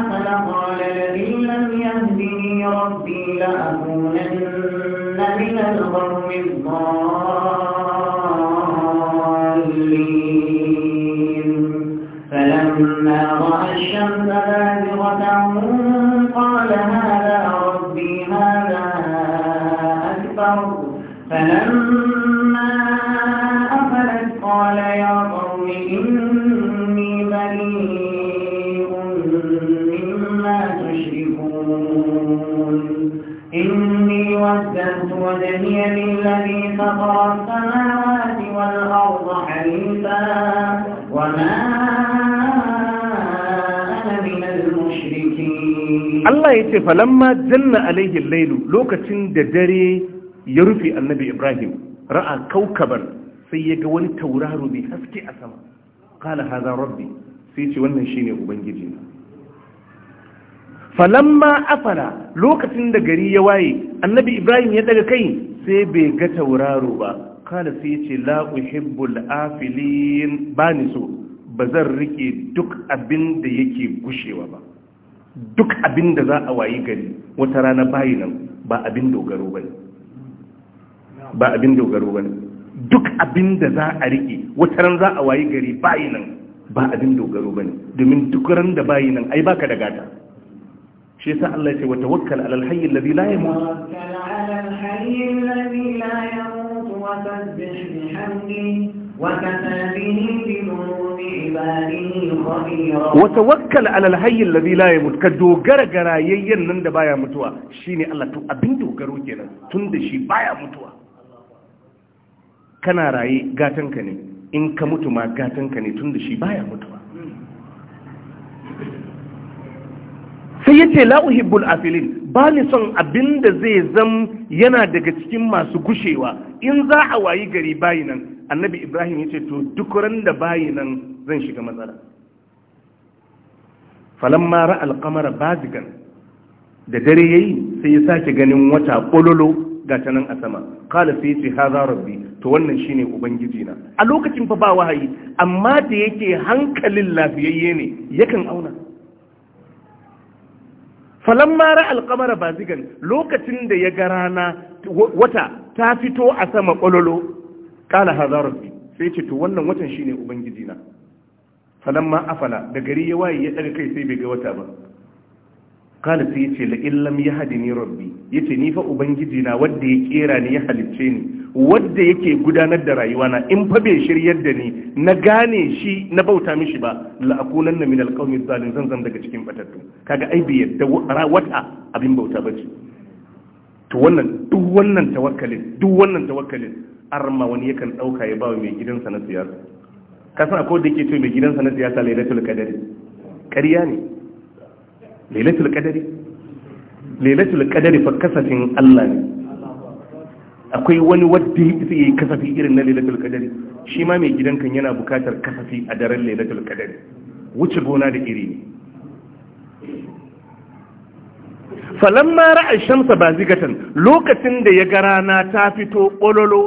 أفل قال الذي لم يهدني ربي لأكونن من القوم الضالين فلما رأى الشمس بازغا مشركون إني وزنت وجهي للذي فطر السماوات والأرض حنيفا وما أنا من المشركين الله يتي فلما جن عليه الليل لوكتين ددري يرفي النبي إبراهيم رأى كوكبا سيجا ولي توراه بحسك أسما قال هذا ربي سيتي ونشيني شيني أبنجي جينا falamma afala lokacin da gari ya waye annabi ibrahim ya daga kai sai bai ga tauraro ba kala sai yace la uhibbul afilin bani so bazan rike duk abin da yake gushewa ba duk abin da za a wayi gari wata rana bayi nan ba abin dogaro bane ba abin dogaro bane duk abin da za a rike wata rana za a wayi gari bayi nan ba abin dogaro bane domin duk ran da bayi nan ai baka da gata shi sa Allah ya ce wata tawakkal alal al-hayy alladhi la yamut tawakkal alal al-hayy alladhi la yamut wa sabbih bihamdihi وتوكل على الحي الذي لا يموت كدوغر غرايين nan da baya mutuwa shine Allah to abin dogaro kenan tun da shi baya mutuwa kana raye "gatan ka ne in ka mutu ma "gatan ka ne tun da shi baya mutuwa sai ya ce la'uhibbul afilin ba ni son abin da zai zam yana daga cikin masu gushewa in za a wayi gari bayi nan annabi ibrahim ya ce to duk ran da bayi nan zan shiga matsala mara alkamara ba bazigan da dare ya yi sai ya sake ganin wata kololo ga ta nan a sama kala sai ya ce haza rabbi to wannan shine ubangiji na a lokacin fa ba wahayi amma da yake hankalin lafiyayye ne yakan auna falamma ra alkamara bazigan lokacin da ya ga rana wata ta fito a sama ƙwalolo ƙala hazarar bi sai ce to wannan watan shine ubangiji na falamma afala da gari ya waye ya ɗaga kai sai bai ga wata ba kala sai yace la illam yahdini rabbi yace ni fa ubangiji na wanda ya kera ni ya halicce ni wanda yake gudanar da rayuwa na in fa bai shiryar da ni na gane shi na bauta mishi ba la akunanna min alqawmi zalim zan zan daga cikin batattu kaga ai bai yadda wata abin bauta bace to wannan duk wannan tawakkalin duk wannan tawakkalin arma wani yakan dauka ya bawa mai gidansa na siyasa kasan akwai da yake ce mai gidansa na siyasa lailatul qadari kariya ne lailatul qadari lailatul qadari fa kasafin Allah ne akwai wani wadda yake yi kasafi irin na lailatul qadari shi ma mai gidan kan yana bukatar kasafi a daren lailatul qadari wuce gona da iri ne falamma ra'a shamsa bazigatan lokacin da ya ga rana ta fito kololo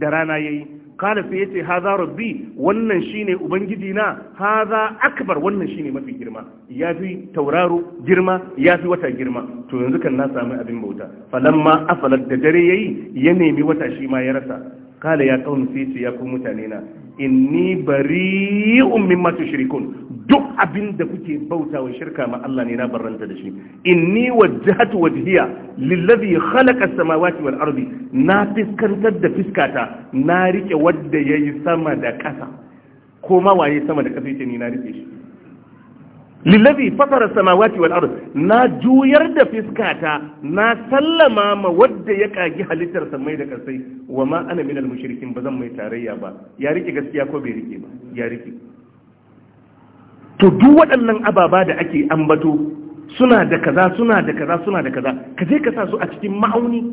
da rana yayi kala sai yace haza rabbi wannan shine ubangiji na haza akbar wannan shine mafi girma ya fi tauraro girma ya fi wata girma to yanzu kan na sami abin bauta falamma afalat da dare yayi ya nemi wata shi ma ya rasa kala ya kaunu sai ce ya ku mutane na inni ummin masu tushrikun duk abin da kuke bauta wa shirka ma Allah ne na barranta da shi inni wajjahatu wajhiya lillazi khalaqa samawati wal ardi na fiskantar da fiskata na rike wanda yayi sama da kasa ko ma waye sama da kasa yake ni na rike shi lillazi fatara samawati wal ard na juyar da fiskata na sallama ma wadda ya kagi halittar samai da kasai wa ma ana min al mushrikin ba zan mai tarayya ba ya rike gaskiya ko bai rike ba ya rike to duk waɗannan ababa da ake ambato suna da kaza suna da kaza suna da kaza ka je ka sa su a cikin ma'auni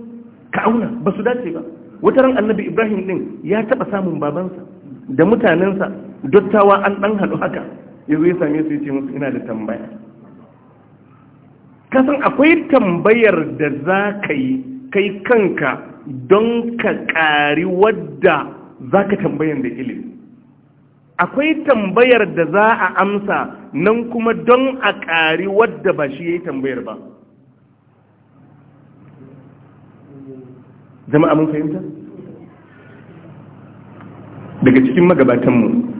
ka auna ba su dace ba wata ran annabi ibrahim din ya taba samun babansa da mutanensa dottawa an dan haɗu haka ya zo ya same su ya ce musu ina da tambaya kasan akwai tambayar da za ka yi kai kanka don ka ƙari wadda za ka tambayar da ilimi akwai tambayar da za a amsa nan kuma don a ƙari wadda ba shi ya yi tambayar ba Zama mun fahimta daga cikin magabatanmu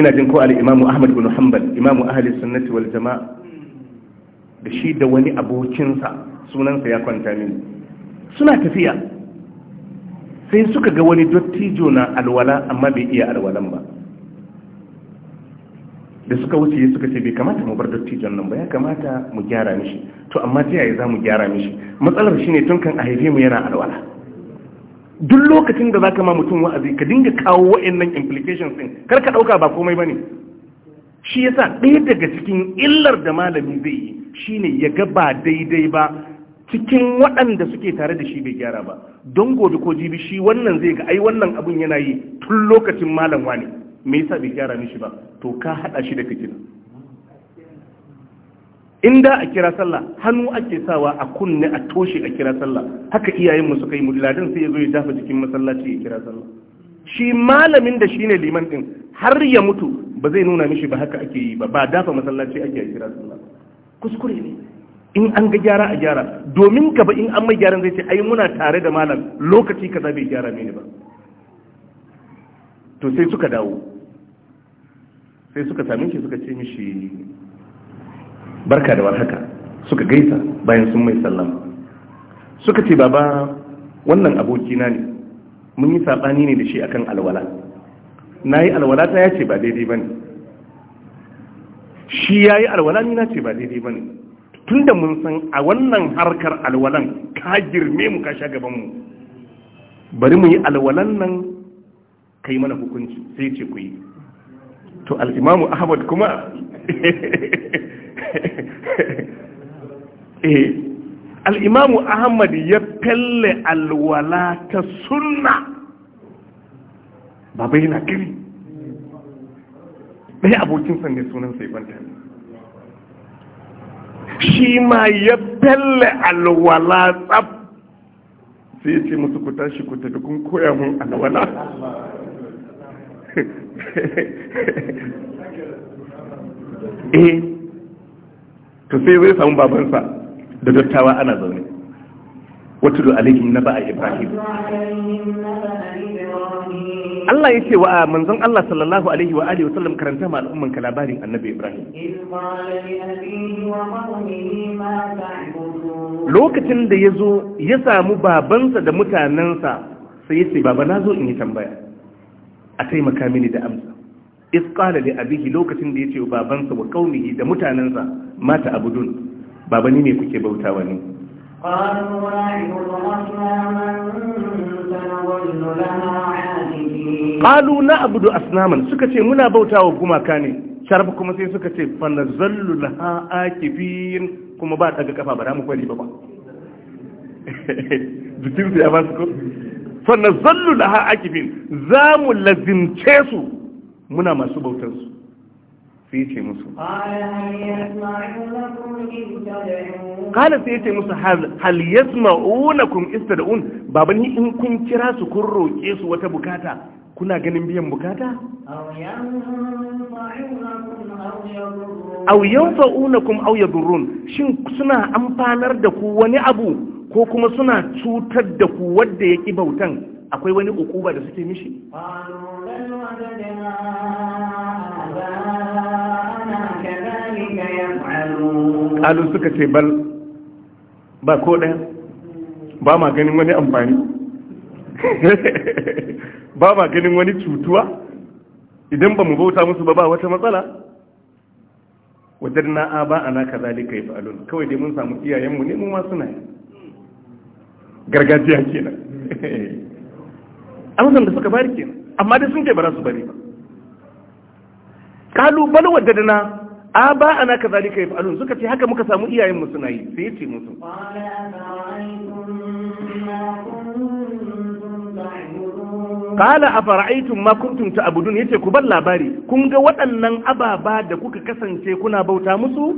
ina jin ko alimamu imamu ahmad bin hanbal imamu ahli sunnati wal jama'a da shi da wani abokinsa sunansa ya kwanta mini suna tafiya sai suka ga wani dottijo na alwala amma bai iya alwalan ba da suka wuce suka ce bai kamata mu bar dottijon nan ba ya kamata mu gyara mishi to amma ta yaya za mu gyara mishi matsalar shine tun kan a haife mu yana alwala duk lokacin da zaka ma mutum wa'azi ka dinga kawo wa'annan implications din kar ka dauka ba komai bane shi yasa ɗaya daga cikin illar da malami zai yi shi ne ya ga ba daidai ba cikin waɗanda suke tare da shi bai gyara ba don gobe ko jibi shi wannan zai ga ai wannan abun yana yi tun lokacin malam ne, me yasa bai gyara mishi ba to ka haɗa shi da fitina in da a kira sallah hannu ake sawa a kunne a toshe a kira sallah haka iyayenmu suka yi muladin sai ya zo ya dafa jikin masallaci ya kira sallah shi malamin da shine liman din har ya mutu ba zai nuna mishi ba haka ake yi ba ba dafa masallaci ake a kira sallah kuskure ne in an ga gyara a gyara domin ba in an mai gyaran zai ce ai muna tare da malam lokaci ka zabe gyara mini ba to sai suka dawo sai suka same shi suka ce mishi barka da warhaka suka gaisa bayan sun mai sallama suka ce baba wannan abokina ne mun yi saɓani ne da shi akan alwala na yi alwala ta ya ce ba daidai ba ne shi ya yi alwala ni na ce ba daidai ba ne tun da mun san a wannan harkar alwalan ka girme mu ka sha gaban mu, bari mu yi alwalan nan ka yi mana hukunci sai ce ku yi to al'imamu ahmad kuma Eh, al'imamu ahmad ya felle alwala ta sunna bai na kiri ɗaya abokinsa ne sunansa ibanta shi ma ya felle alwala tsab sai ce musu ku tashi ku tafi kun koya mun alwala eh to sai zai samu babansa da dattawa ana zaune da alaihim na ba a ibrahim Allah ya ce wa manzon Allah sallallahu alaihi wa alihi wa sallam karanta ma al'umman ka labarin annabi Ibrahim lokacin da ya zo ya samu babansa da mutanensa sai ya ce baba na zo in yi tambaya a taimaka mini da amsa iz qala li abihi lokacin da yace babansa wa qaumihi da mutanansa mata abudun baba ni ne kuke bautawa ne qalu qalu na'budu asnaman suka ce muna bautawa gumaka ne sharba kuma sai suka ce fa nazallu laha akifin kuma ba daga kafa ba da mu kwali ba ba dukin su ya ba su ko fa nazallu laha akifin za mu lazimce su muna masu bautansu, su sai ce musu kala sai ce musu hal yasma'unakum istad'un babu ni in kun kira su kun roƙe su wata bukata kuna ganin biyan bukata fa'una kun aw yadurrun shin suna amfanar da ku wani abu ko kuma suna cutar da ku wanda ƙi bautan akwai wani ukuba da suke mishi kalu suka ce bal ba ko ɗaya ba ma ganin wani amfani ba ma ganin wani cutuwa idan ba mu bauta musu ba ba wata matsala wajen na'a ba a naka zalika ya fa'alun kawai dai mun samu iyayenmu ne mu ma na gargajiya kenan amsan da suka bari kenan amma dai sun ce ba za su bari ba kalu bal a ba ana zalika yaf'alun suka ce haka muka samu iyayen mu suna yi sai yace musu Kala a fara'aitun ma kuntum ta abudun yace ku bar labari kun ga waɗannan ababa da kuka kasance kuna bauta musu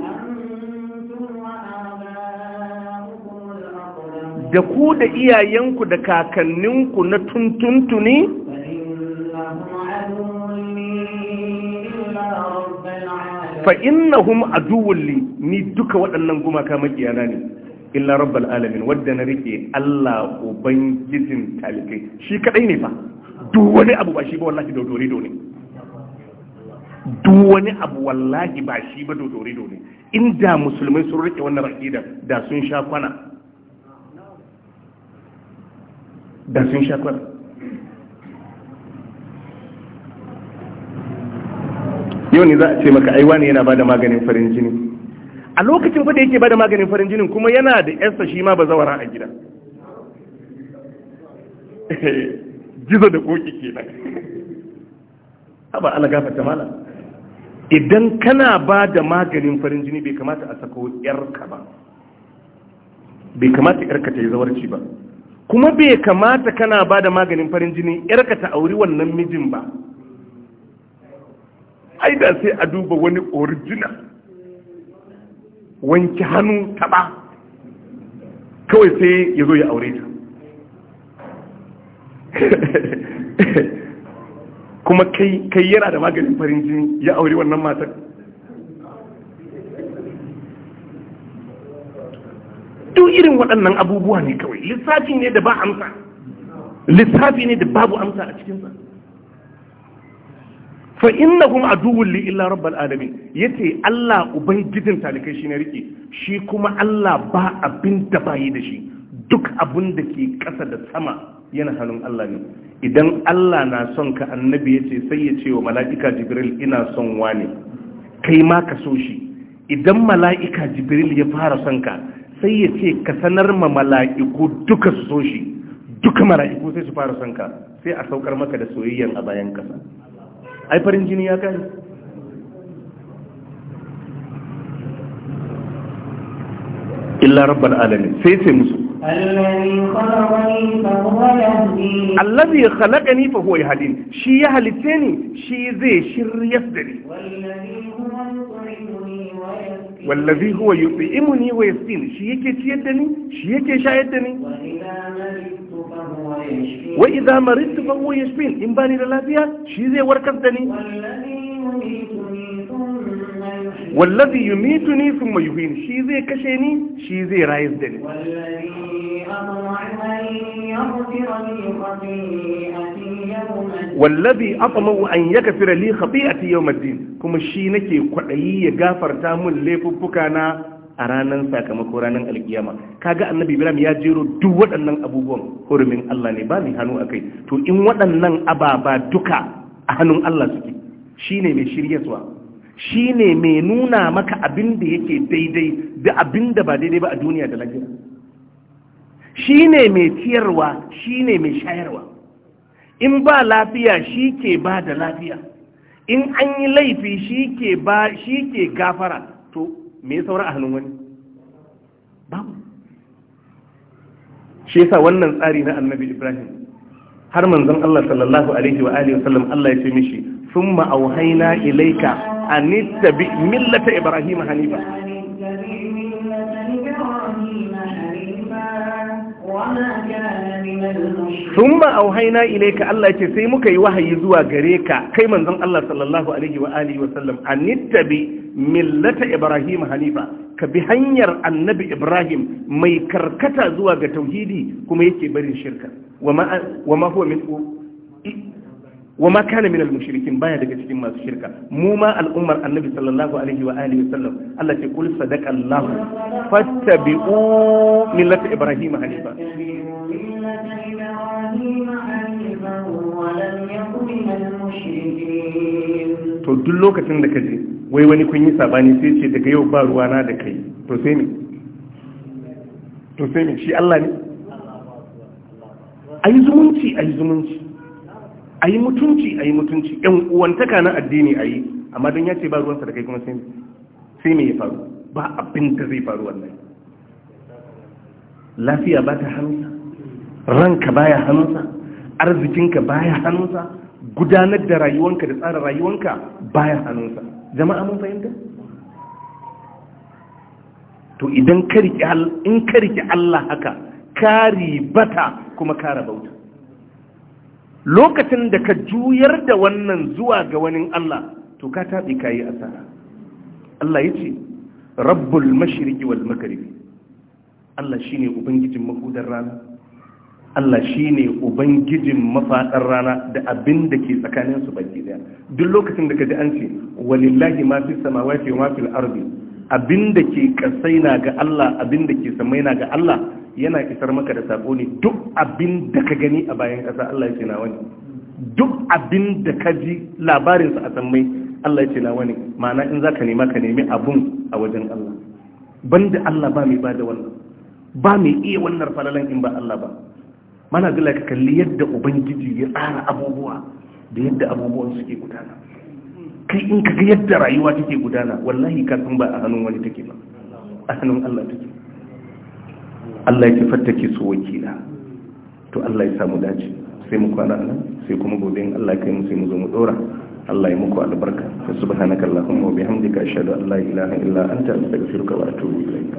da ku da iyayenku da kakanninku na tuntuntuni fa'innahum aduwulli ni duka waɗannan gumaka makiyana ne illa rabbal alamin wadda na rike Allah ubangijin talibai shi kadai ne fa duk wani abu ba shi ba wallahi dodori do ne duk wani abu wallahi ba shi ba dodori do ne inda musulmai sun rike wannan aqida da sun sha kwana da sun shakwar yau ne za a ce maka aiwa ne yana ba da maganin farin jini a lokacin fa da yake ba da maganin farin jinin kuma yana da yarsa shi ma ba zawara a gida Gizo da koki ke nan haba ala gafata mala idan kana ba da maganin farin jini bai kamata a sako yarka ba bai kamata yarka ta yi zawarci ba kuma bai kamata kana ba da maganin farin jini yarka ta auri wannan mijin ba ai da sai a duba wani orijina wanki hannu taba kawai sai ya zo ya aure ta kuma kai yana da maganin farin jini ya aure wannan matar duk irin waɗannan abubuwa ne kawai lissafi ne da ba amsa lissafi ne da babu amsa a cikinsa fa li illa rabbil alamin yace Allah ubangijin talikai shi ne rike shi kuma Allah ba abin da bayi da shi duk abin da ke ƙasa da sama yana hannun Allah ne idan Allah na son ka annabi yace sai ya ce wa mala'ika jibril ina son wani kai ma ka so shi idan mala'ika jibril ya fara son ka sai ya ce ka sanar ma mala'iku duka su so shi duka mala'iku sai su fara son ka sai a saukar maka da soyayyan a bayan kasa ai farin jini ya kai illa rabbal alamin sai sai musu allazi khalaqani fa huwa yahdin shi ya halitte ni shi zai shirya da ni wallazi huwa yut'imuni wa yasqini shi yake ciyar da ni shi yake shayar da ni wa idza maridtu fa huwa yashfin in bani da lafiya shi zai warkar da ni wallazi yumituni thumma yuhyini shi zai kashe ni shi zai rayar da ni wallabi aqmau an yaghfira li khati'ati yawm kuma shi nake kwaɗayi ya gafarta mun laifuffuka na a ranar sakamako ranar alkiyama kaga annabi ibrahim ya jero duk waɗannan abubuwan hurumin Allah ne ba ni hannu akai to in waɗannan ababa duka a hannun Allah suke shine mai shiryarwa shine mai nuna maka abin da yake daidai da abin da ba daidai ba a duniya da lafiya shi ne mai ciyarwa shi ne mai shayarwa in ba lafiya shi ke ba da lafiya in an yi laifi shi ke ba shi gafara to me saura a hannun wani babu shi yasa wannan tsari na annabi ibrahim har manzon Allah sallallahu alaihi wa alihi Allah ya ce mishi summa auhayna ilayka anittabi millata ibrahim hanifa ثم أوهينا إليك الله يتسي مك يوحي يزوى غريكا كي منزم الله صلى الله عليه وآله وسلم أن نتبي ملة إبراهيم حنيفا كبهنير النبي إبراهيم ما يكركتا زوى توحيدي كما يكي بري شركا وما, وما هو من wa ma kana min al-mushrikin baya daga cikin masu shirka mu ma al'ummar annabi sallallahu alaihi wa alihi wasallam Allah ce kul sadaqa Allah fattabi'u millata ibrahim hanifa to duk lokacin da kaje wai wani kun yi sabani sai ce daga yau ba ruwa na da kai to sai ne to sai ne shi Allah ne ayi zumunci ayi zumunci a yi mutunci a yi mutunci yan uwantaka na addini a yi amma don ya ce ba ruwansa da kai kuma sai me ya faru ba abin da zai faru wannan lafiya ba ta hannunsa ranka ba ya hannunsa arzikinka ba ya hannunsa gudanar da rayuwanka da tsara rayuwanka ba ya hannunsa jama'a mun fahimta to idan in karki Allah haka kari bata kuma kara bauta lokacin da ka juyar da wannan zuwa ga wani Allah to ka taɓi ka yi asara Allah ya ce rabbul mashiriki wal makaribi Allah shi ne ubangijin makudar rana Allah shi ne ubangijin mafaɗar rana da abin da ke tsakaninsu baki daya duk lokacin da ka ji an ce walillahi ma fi samawati wa ma fil ardi abin da ke kasai ga Allah abin da ke samai na ga Allah yana isar maka da sako ne duk abin da ka gani a bayan ƙasa Allah ya ce nawa ne duk abin da ka ji labarinsa a sammai Allah ya ce nawa ne ma'ana in za ka nema ka nemi abun a wajen Allah banda Allah ba mai bada wannan ba mai iya wannan falalan in ba Allah ba mana gila ka kalli yadda ubangiji ya tsara abubuwa da yadda abubuwan suke gudana kai in ka ga yadda rayuwa take gudana wallahi ka san ba a hannun wani take ba a hannun Allah take Allah ya fatta ke wakila to Allah ya samu dace sai mu kwana nan sai kuma gobe in Allah kai mu sai mu zo mu dora Allah ya muku albarka subhanakallahumma wa bihamdika ashhadu an la ilaha illa anta astaghfiruka wa atubu ilayk